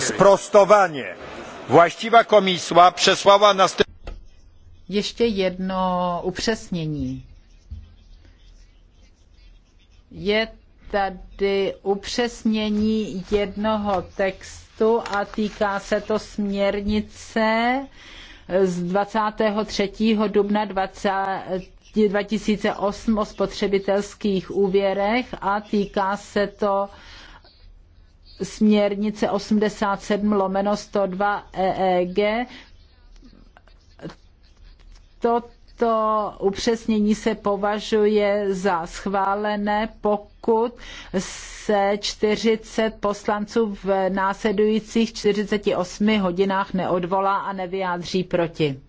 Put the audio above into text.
Sprostowanie. Właściwa komisja przesłała następujące. Ještě jedno upřesnění. Je tady upřesnění jednoho textu a týká se to směrnice z 23. dubna 20, 2008 o spotřebitelských úvěrech a týká se to směrnice 87 lomeno 102 EEG. Toto upřesnění se považuje za schválené, pokud se 40 poslanců v následujících 48 hodinách neodvolá a nevyjádří proti.